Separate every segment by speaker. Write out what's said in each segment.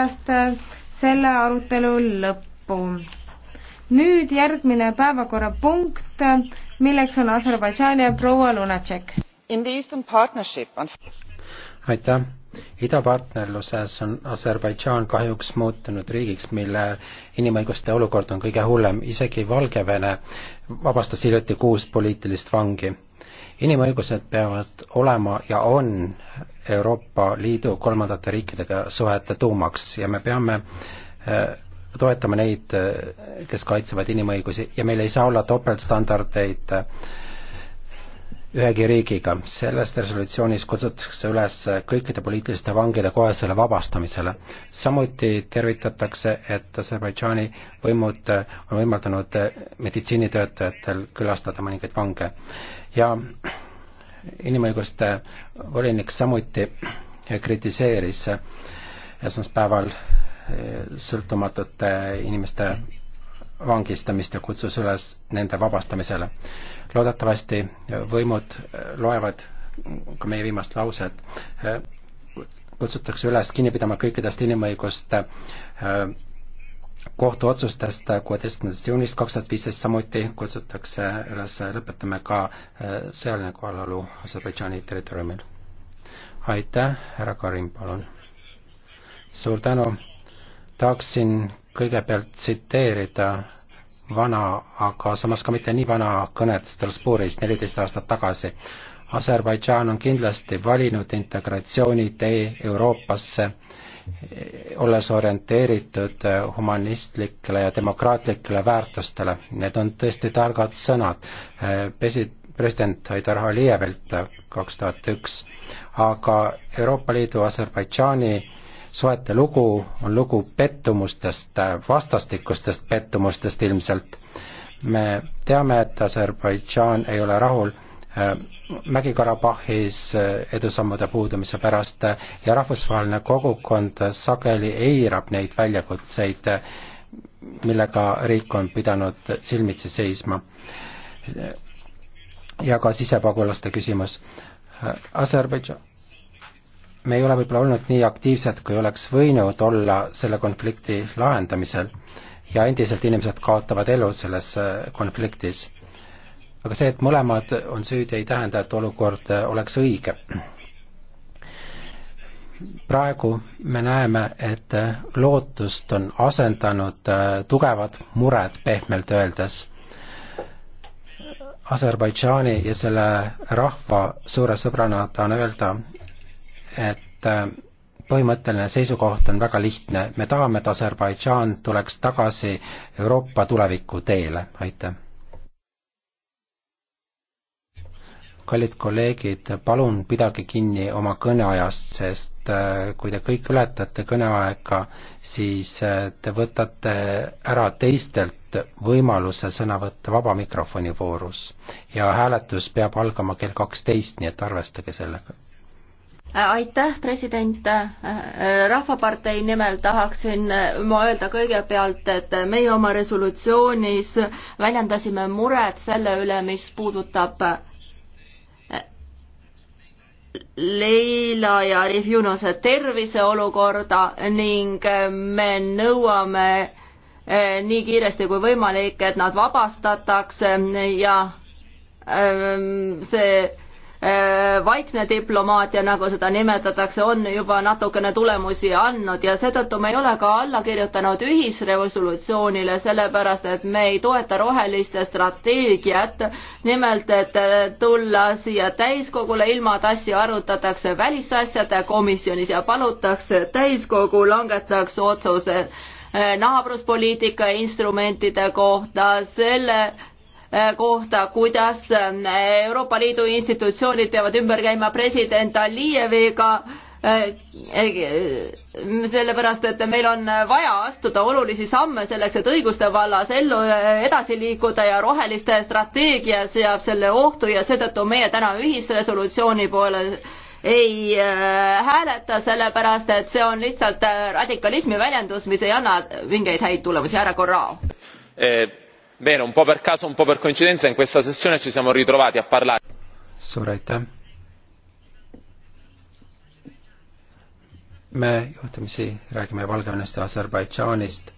Speaker 1: pärast äh, selle arutelu lõppu. nüüd järgmine päevakorrapunkt, milleks on Aserbaidžaani ja proua Lunatšek.
Speaker 2: aitäh. idapartnerluses on Aserbaidžaan kahjuks muutunud riigiks, mille inimõiguste olukord on kõige hullem, isegi Valgevene vabastas hiljuti kuus poliitilist vangi inimõigused peavad olema ja on Euroopa Liidu kolmandate riikidega suhete tuumaks ja me peame eh, toetama neid, eh, kes kaitsevad inimõigusi ja meil ei saa olla topeltstandardeid eh, ühegi riigiga. selles resolutsioonis kutsutakse üles kõikide poliitiliste vangide kohesele vabastamisele. samuti tervitatakse, et Aserbaidžaani võimud on võimaldanud meditsiinitöötajatel külastada mõningaid vange ja inimõiguste volinik samuti kritiseeris esmaspäeval eh, sõltumatute inimeste vangistamist ja kutsus üles nende vabastamisele. loodetavasti võimud loevad ka meie viimast lauset, eh, kutsutakse üles kinni pidama kõikidest inimõiguste eh, kohtuotsustest kuueteistkümnendast juunist kaks tuhat viisteist samuti kutsutakse üles lõpetama ka äh, sõjaline kohalolu Aserbaidžaani territooriumil. aitäh, härra Karim, palun. suur tänu. tahaksin kõigepealt tsiteerida vana, aga samas ka mitte nii vana kõnet Strasbourgis neliteist aastat tagasi. Aserbaidžaan on kindlasti valinud integratsiooni tee Euroopasse olles orienteeritud humanistlikele ja demokraatlikele väärtustele. Need on tõesti targad sõnad. Pesi-, president Haidar Alijevilt kaks tuhat üks, aga Euroopa Liidu Aserbaidžaani suhete lugu on lugu pettumustest, vastastikustest pettumustest ilmselt. me teame, et Aserbaidžaan ei ole rahul Äh, Mägi-Karabahhis äh, edusammude puudumise pärast äh, ja rahvusvaheline kogukond sageli eirab neid väljakutseid, millega riik on pidanud silmitsi seisma. ja ka sisepagulaste küsimus. Aserbaidžan me ei ole võib-olla olnud nii aktiivsed, kui oleks võinud olla selle konflikti lahendamisel ja endiselt inimesed kaotavad elu selles konfliktis aga see, et mõlemad on süüdi, ei tähenda, et olukord äh, oleks õige. praegu me näeme, et äh, lootust on asendanud äh, tugevad mured, pehmelt öeldes. Aserbaidžaani ja selle rahva suure sõbrana tahan öelda, et põhimõtteline seisukoht on väga lihtne, me tahame, et Aserbaidžaan tuleks tagasi Euroopa tuleviku teele, aitäh kallid kolleegid, palun pidage kinni oma kõneajast, sest äh, kui te kõik ületate kõneaega, siis äh, te võtate ära teistelt võimaluse sõna võtta vaba mikrofoni voorus ja hääletus peab algama kell kaksteist, nii et arvestage sellega
Speaker 3: aitäh, president. Äh, rahvapartei nimel tahaksin ma öelda kõigepealt, et meie oma resolutsioonis väljendasime muret selle üle, mis puudutab Leila ja Rifjunose terviseolukorda ning äh, me nõuame äh, nii kiiresti kui võimalik, et nad vabastatakse ja ähm, see Äh, vaikne diplomaatia, nagu seda nimetatakse, on juba natukene tulemusi andnud ja seetõttu me ei ole ka alla kirjutanud ühisresolutsioonile, sellepärast et me ei toeta roheliste strateegiat. nimelt, et äh, tulla siia täiskogule, ilma et asja arutatakse välisasjade komisjonis ja palutakse, et täiskogu langetaks otsuse äh, naabruspoliitika instrumentide kohta, selle kohta, kuidas eh, Euroopa Liidu institutsioonid peavad ümber käima president Alijeviga, eh, eh, sellepärast, et meil on vaja astuda olulisi samme selleks, et õiguste vallas ellu edasi liikuda ja roheliste strateegia seab selle ohtu ja seetõttu meie täna ühisresolutsiooni poole ei hääleta, sellepärast et see on lihtsalt radikalismi väljendus, mis ei anna mingeid häid tulemusi, härra Corrao
Speaker 2: eh bene un po' per caso un po' per coincidenza in questa sessione ci siamo ritrovati a parlare. suur aitäh. me juhtumisi räägime Valgevenest ja Aserbaidžaanist.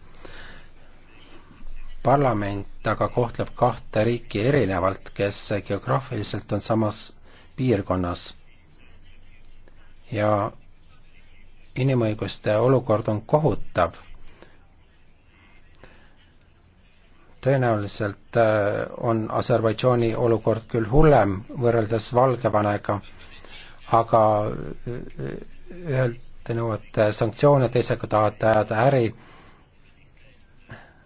Speaker 2: parlament aga kohtleb kahte riiki erinevalt, kes geograafiliselt on samas piirkonnas. ja inimõiguste olukord on kohutav tõenäoliselt äh, on Aserbaidžaani olukord küll hullem võrreldes Valgevenega, aga äh, ühelt te nõuate sanktsioone, teisega tahate ajada äri,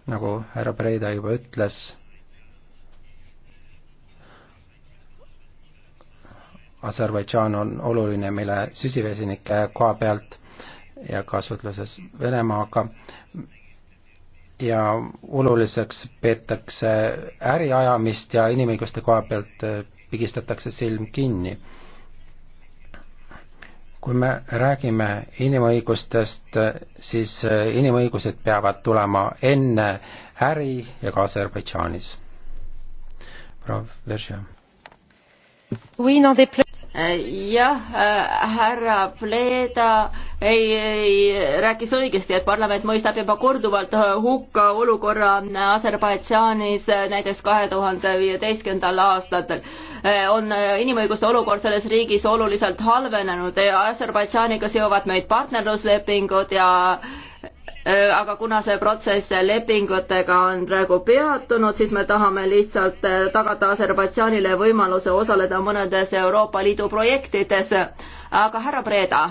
Speaker 2: nagu härra Breida juba ütles Aserbaidžaan on oluline meile süsivesinike koha pealt ja kasutluses Venemaaga ja oluliseks peetakse äriajamist ja inimõiguste koha pealt äh, pigistatakse silm kinni. kui me räägime inimõigustest, siis äh, inimõigused peavad tulema enne äri ja ka Aserbaidžaanis. proua Veržia
Speaker 3: jah, äh, härra Pleeda ei, ei rääkis õigesti, et parlament mõistab juba korduvalt äh, hukka olukorra äh, Aserbaidžaanis näiteks kahe tuhande viieteistkümnendal aastatel. on inimõiguste olukord selles riigis oluliselt halvenenud ja Aserbaidžaaniga seovad meid partnerluslepingud ja Äh, aga kuna see protsess lepingutega on praegu peatunud, siis me tahame lihtsalt äh, tagada Aserbaidžaanile võimaluse osaleda mõnedes Euroopa Liidu projektides. aga härra Breda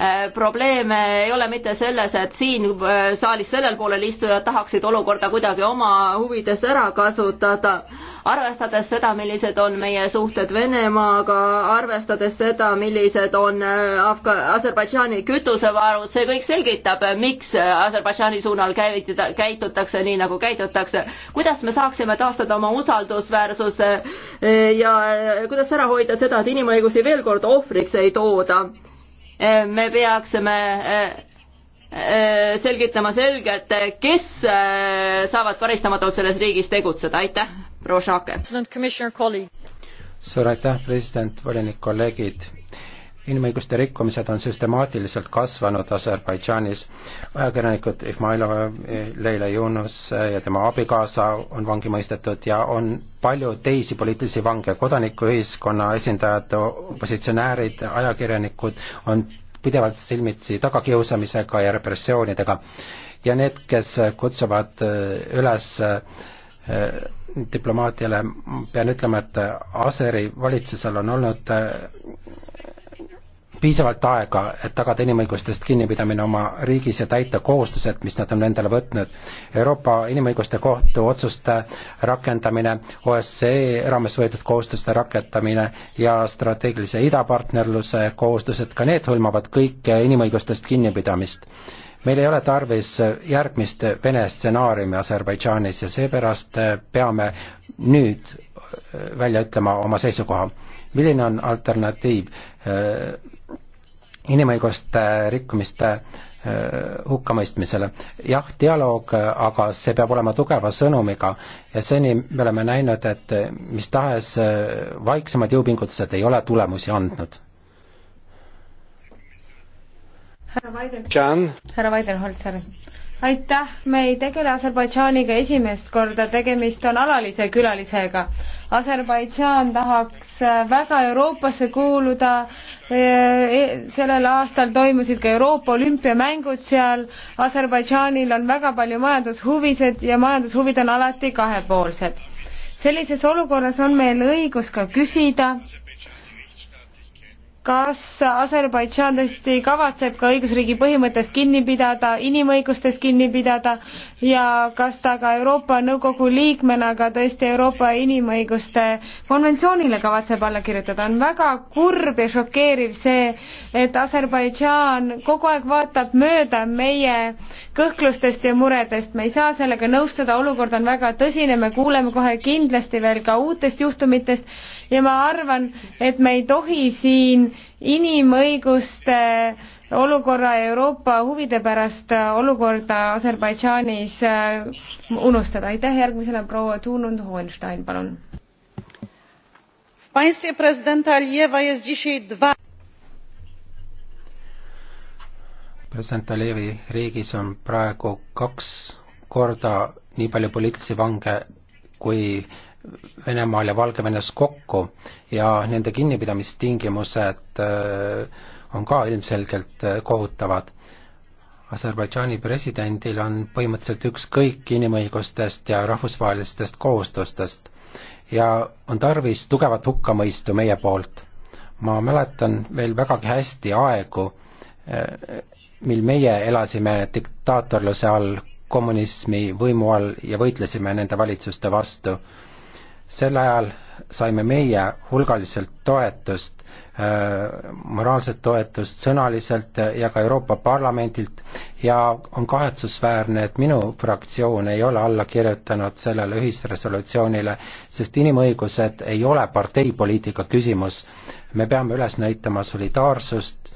Speaker 3: Äh, probleem äh, ei ole mitte selles, et siin äh, saalis sellel poolel istujad tahaksid olukorda kuidagi oma huvides ära kasutada. arvestades seda, millised on meie suhted Venemaaga, arvestades seda, millised on Afga-, Aserbaidžaani kütusevarud, see kõik selgitab, miks Aserbaidžaani suunal käivitada, käitutakse nii, nagu käitutakse. kuidas me saaksime taastada oma usaldusväärsuse ja kuidas ära hoida seda, et inimõigusi veel kord ohvriks ei tooda me peaksime eh, eh, selgitama selgelt, kes eh, saavad karistamatult selles riigis tegutseda, aitäh, proua Šaake.
Speaker 2: suur aitäh, president, volinik, kolleegid inimõiguste rikkumised on süstemaatiliselt kasvanud Aserbaidžaanis. ajakirjanikud Ihmailov, Leila Yunus ja tema abikaasa on vangi mõistetud ja on palju teisi poliitilisi vange, kodanikuühiskonna esindajad, opositsionäärid, ajakirjanikud on pidevalt silmitsi tagakiusamisega ja repressioonidega. ja need, kes kutsuvad äh, üles äh, diplomaatiale, pean ütlema, et Aseri valitsusel on olnud äh, piisavalt aega, et tagada inimõigustest kinnipidamine oma riigis ja täita kohustused, mis nad on endale võtnud. Euroopa Inimõiguste Kohtu otsuste rakendamine, OSCE raames võetud kohustuste rakendamine ja strateegilise idapartnerluse kohustused, ka need hõlmavad kõike inimõigustest kinnipidamist. meil ei ole tarvis järgmist Vene stsenaariumi Aserbaidžaanis ja seepärast peame nüüd välja ütlema oma seisukoha. milline on alternatiiv? inimõiguste äh, rikkumiste äh, hukkamõistmisele. jah, dialoog, äh, aga see peab olema tugeva sõnumiga ja seni me oleme näinud, et mis tahes vaiksemad jõupingutused ei ole tulemusi andnud.
Speaker 3: härra
Speaker 1: Weidenholzer, aitäh, me ei tegele Aserbaidžaaniga esimest korda, tegemist on alalise külalisega Aserbaidžaan tahaks äh, väga Euroopasse kuuluda. Äh, e, sellel aastal toimusid ka Euroopa olümpiamängud seal. Aserbaidžaanil on väga palju majandushuvisid ja majandushuvid on alati kahepoolsed. sellises olukorras on meil õigus ka küsida, kas Aserbaidžaan tõesti kavatseb ka õigusriigi põhimõttest kinni pidada, inimõigustest kinni pidada ja kas ta ka Euroopa Nõukogu liikmena ka tõesti Euroopa inimõiguste konventsioonile kavatseb alla kirjutada. on väga kurb ja šokeeriv see, et Aserbaidžaan kogu aeg vaatab mööda meie kõhklustest ja muredest, me ei saa sellega nõustuda, olukord on väga tõsine, me kuuleme kohe kindlasti veel ka uutest juhtumitest ja ma arvan, et me ei tohi siin inimõiguste olukorra Euroopa huvide pärast olukorda Aserbaidžaanis äh, unustada. aitäh, järgmisena proua Tunund Hohenstein, palun. president
Speaker 2: Alijevi riigis on praegu kaks korda nii palju poliitilisi vange kui Venemaal ja Valgevenes kokku ja nende kinnipidamistingimused äh, on ka ilmselgelt äh, kohutavad. Aserbaidžaani presidendil on põhimõtteliselt ükskõik inimõigustest ja rahvusvahelistest kohustustest ja on tarvis tugevat hukkamõistu meie poolt. ma mäletan veel vägagi hästi aegu, äh, mil meie elasime diktaatorluse all, kommunismi võimu all ja võitlesime nende valitsuste vastu sel ajal saime meie hulgaliselt toetust, äh, moraalset toetust sõnaliselt ja ka Euroopa Parlamendilt ja on kahetsusväärne, et minu fraktsioon ei ole alla kirjutanud sellele ühisresolutsioonile, sest inimõigused ei ole parteipoliitika küsimus. me peame üles näitama solidaarsust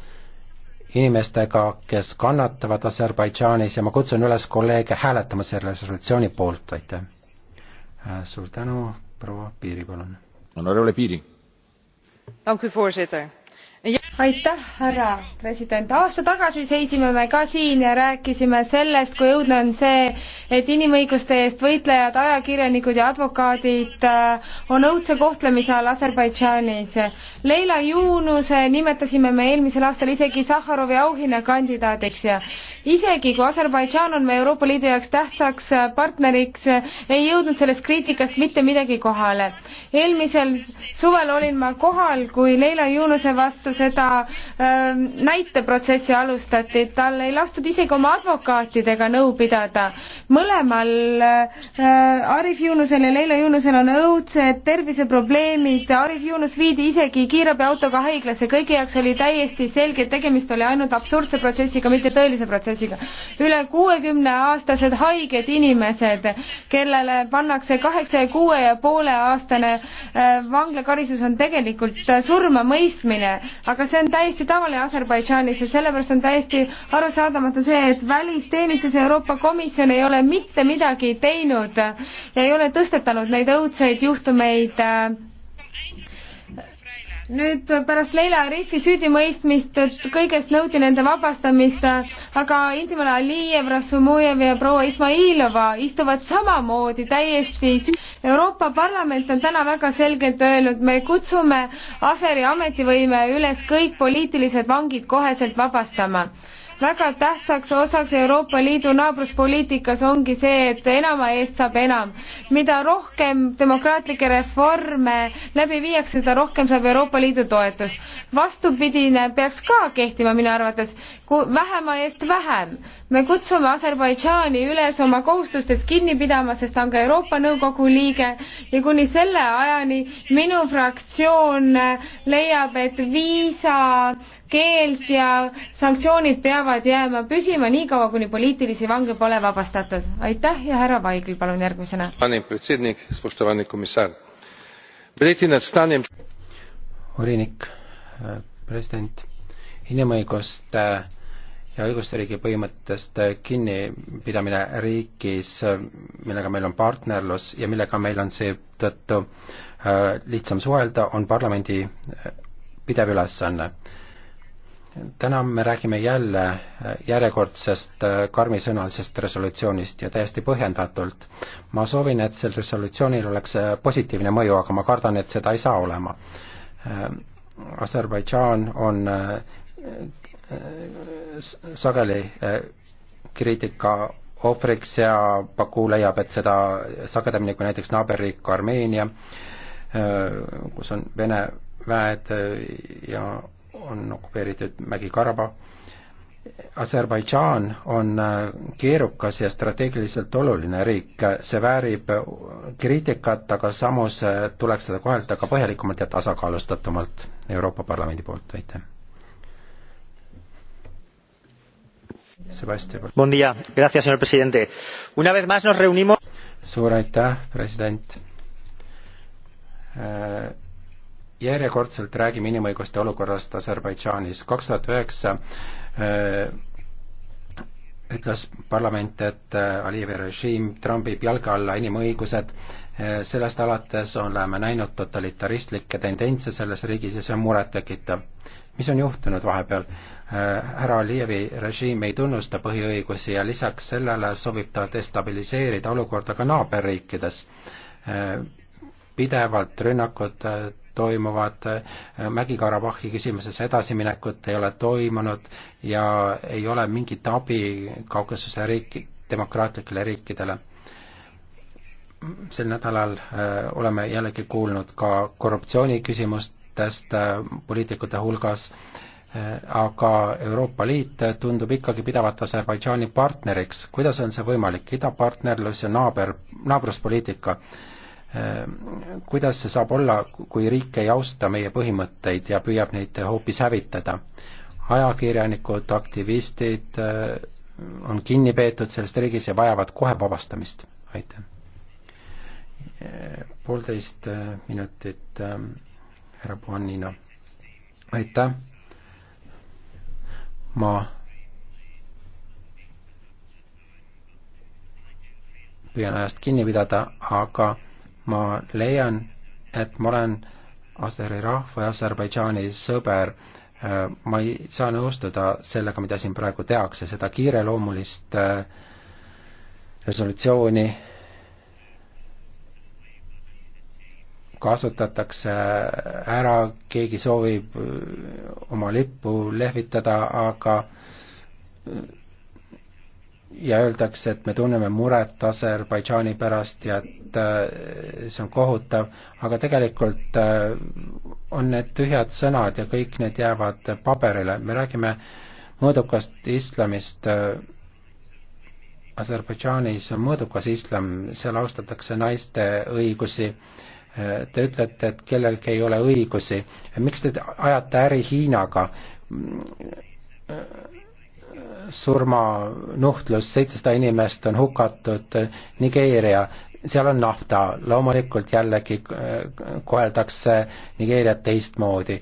Speaker 2: inimestega, kes kannatavad Aserbaidžaanis ja ma kutsun üles kolleege hääletama selle resolutsiooni poolt, aitäh! Äh, suur tänu, proua Piiri, palun.
Speaker 1: voorzitter aitäh, härra president. aasta tagasi seisime me ka siin ja rääkisime sellest, kui õudne on see, et inimõiguste eest võitlejad, ajakirjanikud ja advokaadid äh, on õudse kohtlemise all Aserbaidžaanis. Leila Juunuse nimetasime me eelmisel aastal isegi Sahharovi auhinnakandidaadiks ja isegi kui Aserbaidžaan on meie Euroopa Liidu jaoks tähtsaks äh, partneriks, äh, ei jõudnud sellest kriitikast mitte midagi kohale. eelmisel suvel olin ma kohal, kui Leila Juunuse vastu vastu seda ähm, näiteprotsessi alustati, tal ei lastud isegi oma advokaatidega nõu pidada. mõlemal äh, Arif Yunusel ja Leila Yunusel on õudsed terviseprobleemid, Arif Yunus viidi isegi kiirabiautoga haiglasse, kõigi jaoks oli täiesti selge, et tegemist oli ainult absurdse protsessiga, mitte tõelise protsessiga. üle kuuekümneaastased haiged inimesed, kellele pannakse kaheksa ja kuue ja poole aastane äh, vanglakaristus on tegelikult surmamõistmine aga see on täiesti tavaline Aserbaidžaanis ja sellepärast on täiesti arusaadamatu see, et välisteenistus ja Euroopa Komisjon ei ole mitte midagi teinud ja ei ole tõstetanud neid õudseid juhtumeid äh, nüüd äh, pärast Leila Arifi süüdimõistmist kõigest nõuti nende vabastamist, äh, aga Indimala Alijev, Rassumujev ja proua Ismailova istuvad samamoodi täiesti süü-. Euroopa Parlament on täna väga selgelt öelnud, me kutsume Aseri ametivõime üles kõik poliitilised vangid koheselt vabastama väga tähtsaks osaks Euroopa Liidu naabruspoliitikas ongi see, et enama eest saab enam. mida rohkem demokraatlikke reforme läbi viiakse, seda rohkem saab Euroopa Liidu toetust. vastupidine peaks ka kehtima minu arvates, vähema eest vähem. me kutsume Aserbaidžaani üles oma kohustustest kinni pidama, sest ta on ka Euroopa Nõukogu liige ja kuni selle ajani minu fraktsioon leiab, et viisa keeld ja sanktsioonid peavad jääma püsima niikaua, kuni poliitilisi vange pole vabastatud. aitäh ja härra Vaigel, palun järgmisena.
Speaker 2: volinik, äh, president, inimõigust äh, ja õigusriigi põhimõttest äh, kinnipidamine riigis, millega meil on partnerlus ja millega meil on seetõttu lihtsam suhelda, on parlamendi pidev ülesanne täna me räägime jälle äh, järjekordsest äh, karmisõnalisest resolutsioonist ja täiesti põhjendatult. ma soovin, et sel resolutsioonil oleks äh, positiivne mõju, aga ma kardan, et seda ei saa olema. Aserbaidžaan on sageli kriitika ohvriks ja Baku leiab, et seda sagedamini kui näiteks naaberriik Armeenia, kus on Vene väed ja on okupeeritud Mägi-Karabah. Aserbaidžaan on äh, keerukas ja strateegiliselt oluline riik, see väärib äh, kriitikat, aga samas äh, tuleks seda kohelda ka põhjalikumalt ja tasakaalustatumalt Euroopa Parlamendi poolt, aitäh. Sebastian. Bon día, gracias señor presidente. Una vez más nos reunimos. suur aitäh, president äh järjekordselt räägime inimõiguste olukorrast Aserbaidžaanis. kaks tuhat üheksa äh, ütles parlament, et äh, Alijevi režiim trambib jalge alla inimõigused. Äh, sellest alates oleme näinud totalitaristlikke tendentse selles riigis ja see on murettekitav. mis on juhtunud vahepeal? härra Alijevi režiim ei tunnusta põhiõigusi ja lisaks sellele soovib ta destabiliseerida olukorda ka naaberriikides. pidevalt rünnakud toimuvad, äh, Mägi-Karabahhi küsimuses edasiminekut ei ole toimunud ja ei ole mingit abi Kaukasuse riiki, demokraatlikele riikidele. sel nädalal äh, oleme jällegi kuulnud ka korruptsiooniküsimustest äh, poliitikute hulgas, aga Euroopa Liit tundub ikkagi pidavat Aserbaidžaani partneriks. kuidas on see võimalik, idapartnerlus ja naaber, naabruspoliitika? Äh, kuidas see saab olla, kui riik ei austa meie põhimõtteid ja püüab neid hoopis hävitada? ajakirjanikud, aktivistid äh, on kinni peetud selles riigis ja vajavad kohe vabastamist. aitäh. Äh, poolteist minutit, härra Puannina. aitäh. ma püüan ajast kinni pidada, aga ma leian, et ma olen Aseri rahva ja Aserbaidžaani sõber. Äh, ma ei saa nõustuda sellega, mida siin praegu tehakse, seda kiireloomulist äh, resolutsiooni kasutatakse ära, keegi soovib äh, oma lippu lehvitada, aga ja öeldakse, et me tunneme muret Aserbaidžaani pärast ja et äh, see on kohutav, aga tegelikult äh, on need tühjad sõnad ja kõik need jäävad paberile, me räägime mõõdukast islamist, äh, Aserbaidžaanis on mõõdukas islam, seal austatakse naiste õigusi, te ütlete, et kellelgi ei ole õigusi, miks te ajate äri Hiinaga? surmanuhtlus, seitsesada inimest on hukatud, Nigeeria, seal on nafta, loomulikult jällegi äh, koheldakse Nigeeriat teistmoodi.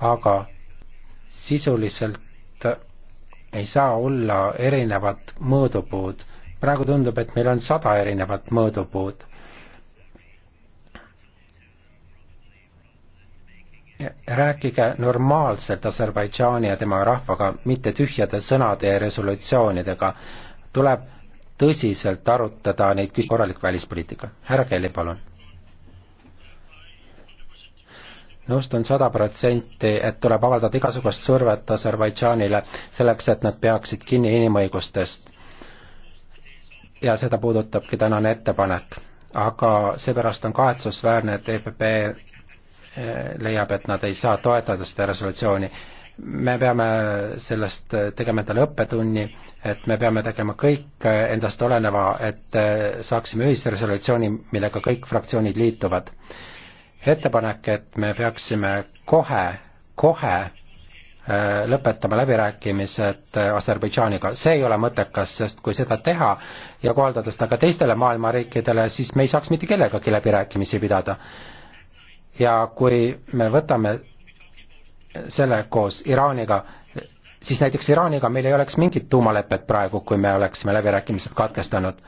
Speaker 2: aga sisuliselt ei saa olla erinevat mõõdupuud. praegu tundub, et meil on sada erinevat mõõdupuud rääkige normaalselt Aserbaidžaani ja tema rahvaga, mitte tühjade sõnade ja resolutsioonidega. tuleb tõsiselt arutada neid küsimusi, korralik välispoliitika. härra Kelly, palun. nõustun sada protsenti, et tuleb avaldada igasugust survet Aserbaidžaanile selleks, et nad peaksid kinni inimõigustest. ja seda puudutabki tänane ettepanek. aga seepärast on kahetsusväärne, et EPP leiab, et nad ei saa toetada seda resolutsiooni. me peame sellest tegema endale õppetunni, et me peame tegema kõik endast oleneva, et saaksime ühisresolutsiooni, millega kõik fraktsioonid liituvad. ettepanek, et me peaksime kohe, kohe äh, lõpetama läbirääkimised Aserbaidžaaniga, see ei ole mõttekas, sest kui seda teha ja kohaldada seda ka teistele maailma riikidele, siis me ei saaks mitte kellegagi läbirääkimisi pidada ja kui me võtame selle koos Iraaniga, siis näiteks Iraaniga meil ei oleks mingit tuumalepet praegu, kui me oleksime läbirääkimised katkestanud.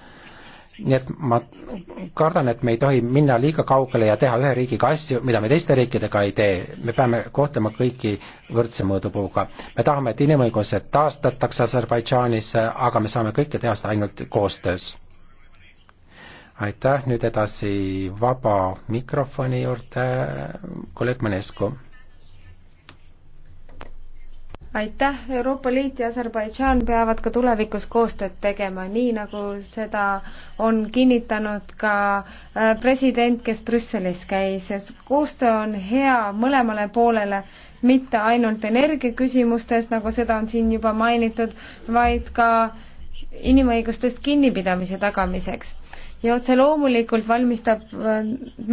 Speaker 2: nii et ma kardan, et me ei tohi minna liiga kaugele ja teha ühe riigiga asju, mida me teiste riikidega ei tee. me peame kohtlema kõiki võrdse mõõdupuuga. me tahame, et inimõigused taastataks Aserbaidžaanis, aga me saame kõike teha seda ainult koostöös aitäh, nüüd edasi vaba mikrofoni juurde, kolleeg Manescu.
Speaker 1: aitäh, Euroopa Liit ja Aserbaidžaan peavad ka tulevikus koostööd tegema, nii nagu seda on kinnitanud ka äh, president, kes Brüsselis käis. koostöö on hea mõlemale poolele, mitte ainult energiaküsimustes, nagu seda on siin juba mainitud, vaid ka inimõigustest kinnipidamise tagamiseks ja otse loomulikult valmistab äh,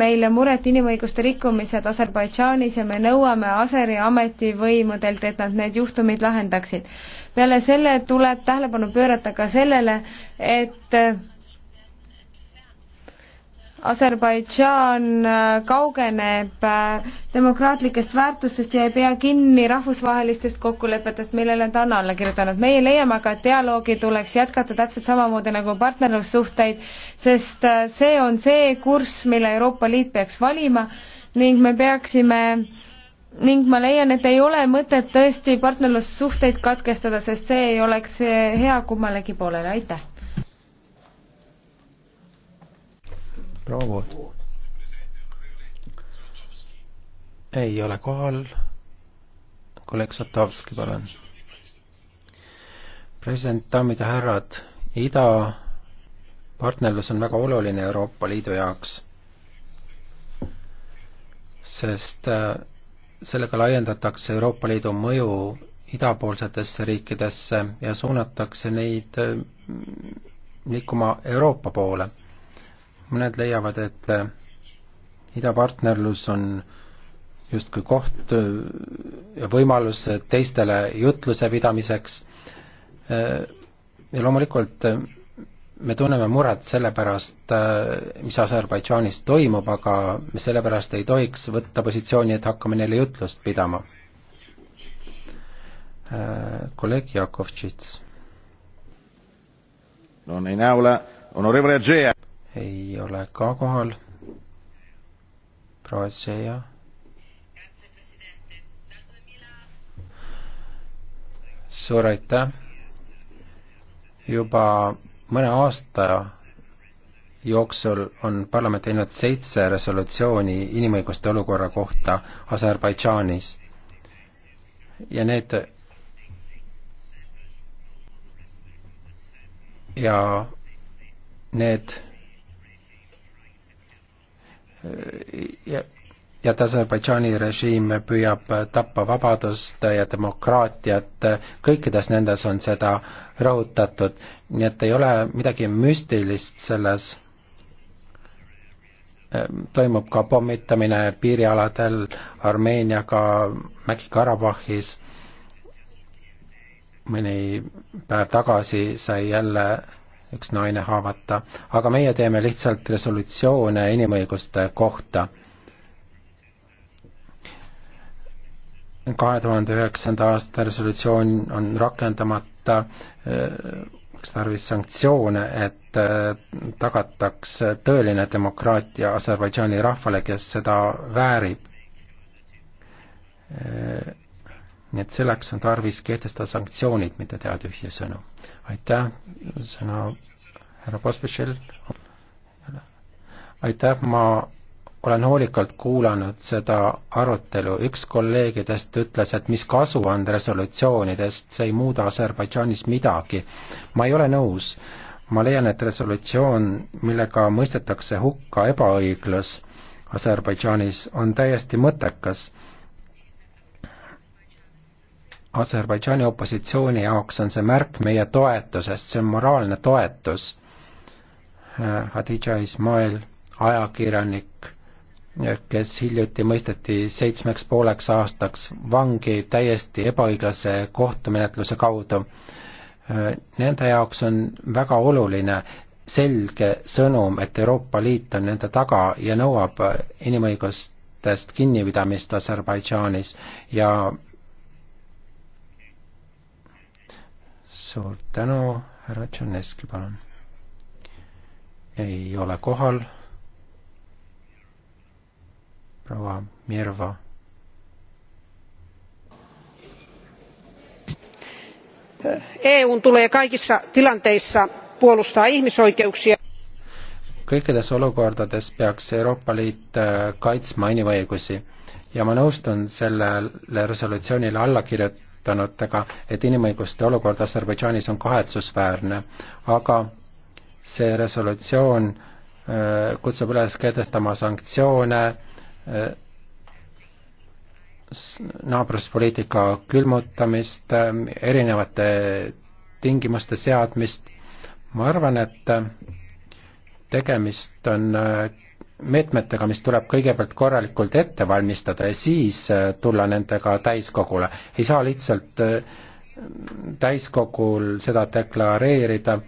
Speaker 1: meile muret inimõiguste rikkumised Aserbaidžaanis ja me nõuame Aseri ametivõimudelt, et nad need juhtumid lahendaksid. peale selle tuleb tähelepanu pöörata ka sellele, et äh, Aserbaidžaan äh, kaugeneb äh, demokraatlikest väärtustest ja ei pea kinni rahvusvahelistest kokkulepetest, millele ta on alla kirjutanud. meie leiame aga, et dialoogi tuleks jätkata täpselt samamoodi nagu partnerlussuhteid, sest äh, see on see kurss, mille Euroopa Liit peaks valima ning me peaksime ning ma leian, et ei ole mõtet tõesti partnerlussuhteid katkestada, sest see ei oleks hea kummalegi poolele, aitäh!
Speaker 2: proua Vood. ei ole kohal. kolleeg Satovski, palun. president, daamid ja härrad, idapartnerlus on väga oluline Euroopa Liidu jaoks, sest äh, sellega laiendatakse Euroopa Liidu mõju idapoolsetesse riikidesse ja suunatakse neid äh, liikuma Euroopa poole mõned leiavad, et äh, idapartnerlus on justkui koht äh, ja võimalus äh, teistele jutluse pidamiseks. ja loomulikult me tunneme muret selle pärast, mis Aserbaidžaanis toimub, aga me sellepärast ei tohiks võtta positsiooni, et hakkame neile jutlust pidama. kolleeg Jakovtšits. no nii näole, honorable Adžeja ei ole ka kohal. proua Seia. suur aitäh. juba mõne aasta jooksul on parlament teinud seitse resolutsiooni inimõiguste olukorra kohta Aserbaidžaanis. ja need ja need ja, ja Aserbaidžaani režiim püüab tappa vabadust ja demokraatiat, kõikides nendes on seda rõhutatud, nii et ei ole midagi müstilist selles, toimub ka pommitamine piirialadel Armeeniaga, Mägi-Karabahhis, mõni päev tagasi sai jälle üks naine haavata, aga meie teeme lihtsalt resolutsioone inimõiguste kohta. kahe tuhande üheksanda aasta resolutsioon on rakendamata, oleks äh, tarvis sanktsioone, et äh, tagataks tõeline demokraatia Aserbaidžaani rahvale, kes seda väärib äh, nii et selleks on tarvis kehtestada sanktsioonid, mitte teha tühje sõnu. aitäh, sõna härra Pospišil. aitäh, ma olen hoolikalt kuulanud seda arutelu, üks kolleegidest ütles, et mis kasu on resolutsioonidest, see ei muuda Aserbaidžaanis midagi. ma ei ole nõus, ma leian, et resolutsioon, millega mõistetakse hukka ebaõiglus Aserbaidžaanis, on täiesti mõttekas Aserbaidžaani opositsiooni jaoks on see märk meie toetusest, see on moraalne toetus. Hadidža Ismail, ajakirjanik, kes hiljuti mõisteti seitsmeks pooleks aastaks vangi täiesti ebaõiglase kohtumenetluse kaudu. Nende jaoks on väga oluline selge sõnum, et Euroopa Liit on nende taga ja nõuab inimõigustest kinnipidamist Aserbaidžaanis ja suur tänu, härra Tšerneski, palun. ei ole kohal. proua Mirva.
Speaker 3: EUn
Speaker 1: tulee kaikissa tilanteissa puolustaa ihmisoikeuksia.
Speaker 2: kõikides olukordades peaks Euroopa Liit äh, kaitsma inimõigusi ja ma nõustun sellele resolutsioonile alla kirjutanud rõhutanud ka, et inimõiguste olukord Aserbaidžaanis on kahetsusväärne, aga see resolutsioon äh, kutsub üles kehtestama sanktsioone, äh, naabruspoliitika külmutamist, äh, erinevate tingimuste seadmist, ma arvan, et tegemist on meetmetega, mis tuleb kõigepealt korralikult ette valmistada ja siis äh, tulla nendega täiskogule. ei saa lihtsalt äh, täiskogul seda deklareerida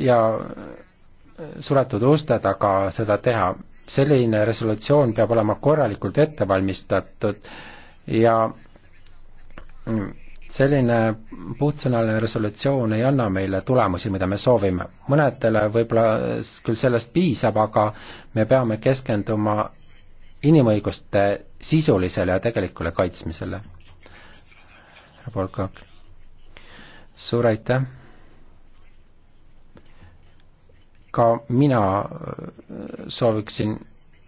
Speaker 2: ja äh, suletud uste taga seda teha. selline resolutsioon peab olema korralikult ette valmistatud ja mm, selline puhtsõnaline resolutsioon ei anna meile tulemusi, mida me soovime. mõnedele võib-olla küll sellest piisab, aga me peame keskenduma inimõiguste sisulisele ja tegelikule kaitsmisele. suur aitäh! ka mina äh, sooviksin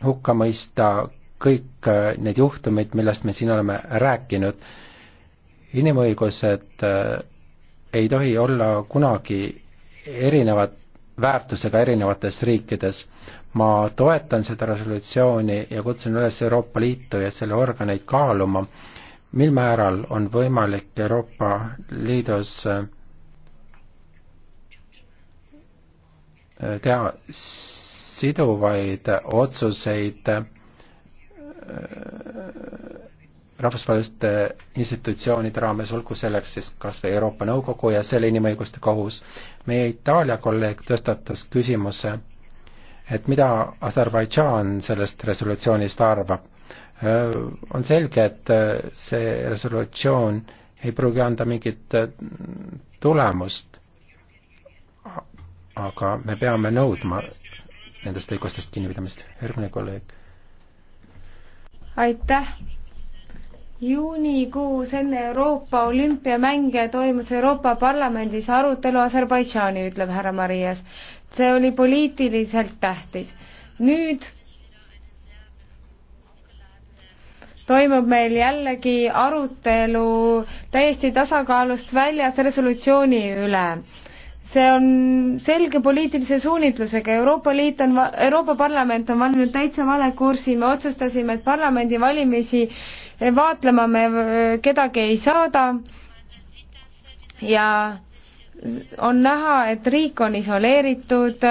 Speaker 2: hukka mõista kõik äh, need juhtumid, millest me siin oleme rääkinud inimõigused äh, ei tohi olla kunagi erinevad väärtusega erinevates riikides. ma toetan seda resolutsiooni ja kutsun üles Euroopa Liitu ja selle organeid kaaluma, mil määral on võimalik Euroopa Liidus äh, teha siduvaid otsuseid äh, rahvusvaheliste institutsioonide raames, olgu selleks siis kas või Euroopa Nõukogu ja selle inimõiguste kohus. meie Itaalia kolleeg tõstatas küsimuse, et mida Aserbaidžaan sellest resolutsioonist arvab. on selge, et see resolutsioon ei pruugi anda mingit tulemust, aga me peame nõudma nendest õigustest kinnipidamist. järgmine kolleeg.
Speaker 1: aitäh juunikuus enne Euroopa olümpiamänge toimus Euroopa Parlamendis arutelu Aserbaidžaani, ütleb härra Marias. see oli poliitiliselt tähtis. nüüd toimub meil jällegi arutelu täiesti tasakaalust väljas resolutsiooni üle see on selge poliitilise suunitlusega, Euroopa Liit on, Euroopa Parlament on valinud täitsa vale kursi, me otsustasime, et parlamendivalimisi vaatlema me kedagi ei saada ja on näha, et riik on isoleeritud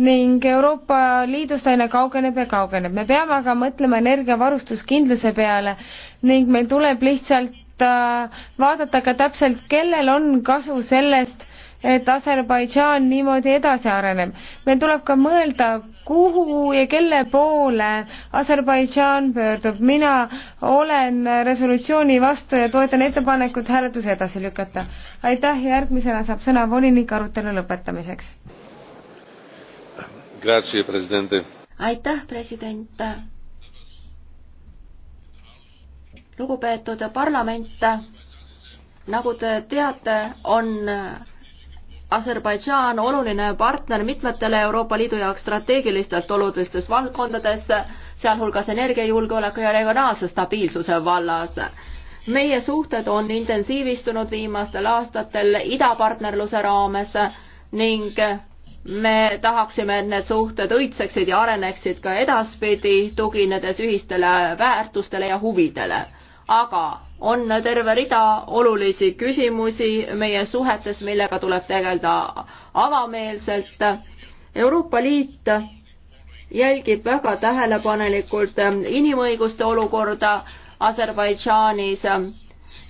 Speaker 1: ning Euroopa Liidust aina kaugeneb ja kaugeneb. me peame aga mõtlema energiavarustuskindluse peale ning meil tuleb lihtsalt äh, vaadata ka täpselt, kellel on kasu sellest, et Aserbaidžaan niimoodi edasi areneb. meil tuleb ka mõelda kuhu ja kelle poole Aserbaidžaan pöördub. mina olen resolutsiooni vastu ja toetan ettepanekut hääletus edasi lükata. aitäh, järgmisena saab sõna volinik arutelu lõpetamiseks.
Speaker 3: aitäh, president. lugupeetud parlament, nagu te teate, on Aserbaidžaan oluline partner mitmetele Euroopa Liidu jaoks strateegilistelt olulistes valdkondades, sealhulgas energiajulgeoleku ja regionaalse stabiilsuse vallas. meie suhted on intensiivistunud viimastel aastatel idapartnerluse raames ning me tahaksime, et need suhted õitseksid ja areneksid ka edaspidi, tuginedes ühistele väärtustele ja huvidele aga on terve rida olulisi küsimusi meie suhetes, millega tuleb tegeleda avameelselt. Euroopa Liit jälgib väga tähelepanelikult inimõiguste olukorda Aserbaidžaanis.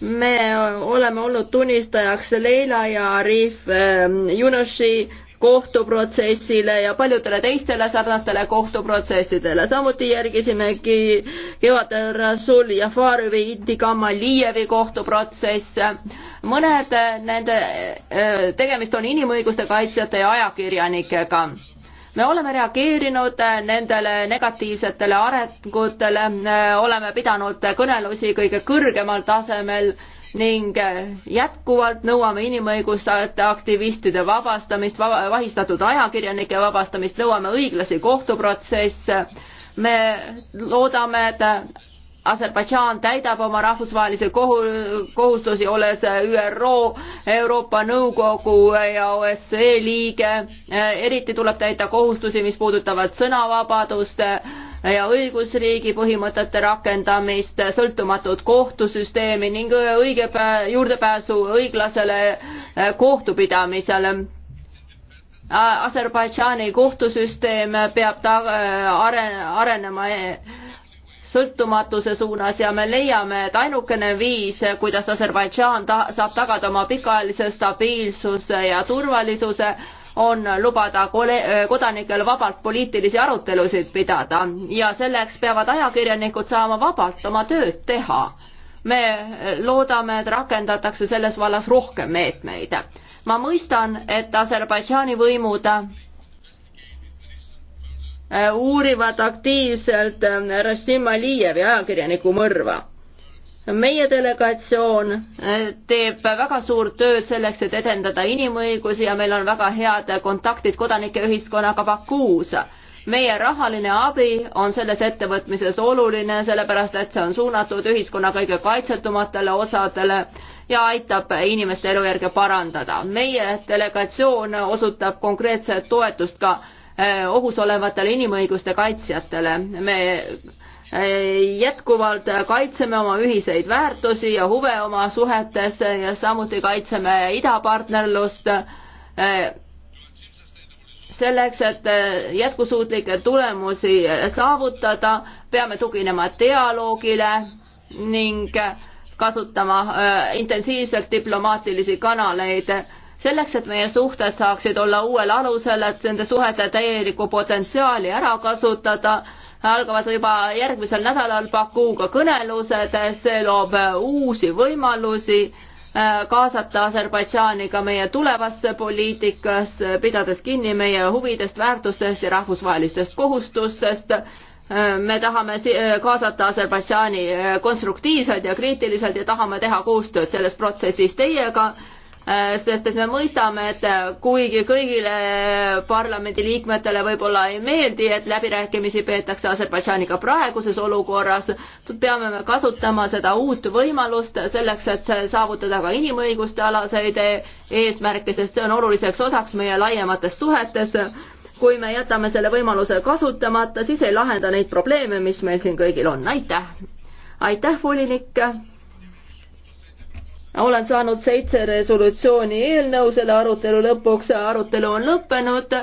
Speaker 3: me oleme olnud tunnistajaks Leila ja Arif eh, Yunushi kohtuprotsessile ja paljudele teistele sarnastele kohtuprotsessidele. samuti järgisimegi kevadel Rasul Jafarovi, Indi Kamaliievi kohtuprotsesse. mõned nende, tegemist on inimõiguste kaitsjate ja ajakirjanikega me oleme reageerinud nendele negatiivsetele arengutele, oleme pidanud kõnelusi kõige kõrgemal tasemel ning äh, jätkuvalt nõuame inimõiguste aktivistide vabastamist, vahistatud ajakirjanike vabastamist, nõuame õiglasi kohtuprotsesse. me loodame, et Aserbaidžaan täidab oma rahvusvahelisi kohu-, kohustusi, olles ÜRO, Euroopa Nõukogu ja OSCE liige. Äh, eriti tuleb täita kohustusi, mis puudutavad sõnavabadust, ja õigusriigi põhimõtete rakendamist, sõltumatut kohtusüsteemi ning õige juurdepääsu õiglasele äh, kohtupidamisele. Aserbaidžaani kohtusüsteem peab ta äh, are-, arenema äh, sõltumatuse suunas ja me leiame, et ainukene viis, kuidas Aserbaidžaan ta-, saab tagada oma pikaajalise stabiilsuse ja turvalisuse, on lubada kodanikel vabalt poliitilisi arutelusid pidada ja selleks peavad ajakirjanikud saama vabalt oma tööd teha. me loodame, et rakendatakse selles vallas rohkem meetmeid. ma mõistan, et Aserbaidžaani võimud uurivad aktiivselt Rassim Alijevi ajakirjaniku mõrva meie delegatsioon äh, teeb väga suurt tööd selleks, et edendada inimõigusi ja meil on väga head kontaktid kodanikeühiskonnaga Bakuus. meie rahaline abi on selles ettevõtmises oluline, sellepärast et see on suunatud ühiskonna kõige kaitsetumatele osadele ja aitab inimeste elujärge parandada. meie delegatsioon osutab konkreetset toetust ka äh, ohus olevatele inimõiguste kaitsjatele. me jätkuvalt kaitseme oma ühiseid väärtusi ja huve oma suhetes ja samuti kaitseme idapartnerlust eh, selleks, et eh, jätkusuutlikke tulemusi saavutada, peame tuginema dialoogile ning kasutama eh, intensiivselt diplomaatilisi kanaleid selleks, et meie suhted saaksid olla uuel alusel, et nende suhete täielikku potentsiaali ära kasutada algavad juba järgmisel nädalal Bakuuga kõnelused, see loob uusi võimalusi äh, kaasata Aserbaidžaani ka meie tulevasse poliitikasse, pidades kinni meie huvidest, väärtustest ja rahvusvahelistest kohustustest. Äh, me tahame äh, kaasata Aserbaidžaani konstruktiivselt ja kriitiliselt ja tahame teha koostööd selles protsessis teiega Äh, sest et me mõistame, et äh, kuigi kõigile parlamendiliikmetele võib-olla ei meeldi, et läbirääkimisi peetakse Aserbaidžaaniga praeguses olukorras, peame me kasutama seda uut võimalust selleks, et saavutada ka inimõiguste alaseid e-, eesmärke, sest see on oluliseks osaks meie laiemates suhetes. kui me jätame selle võimaluse kasutamata, siis ei lahenda neid probleeme, mis meil siin kõigil on, aitäh! aitäh, volinik! olen saanud seitse resolutsiooni eelnõu selle arutelu lõpuks, arutelu on lõppenud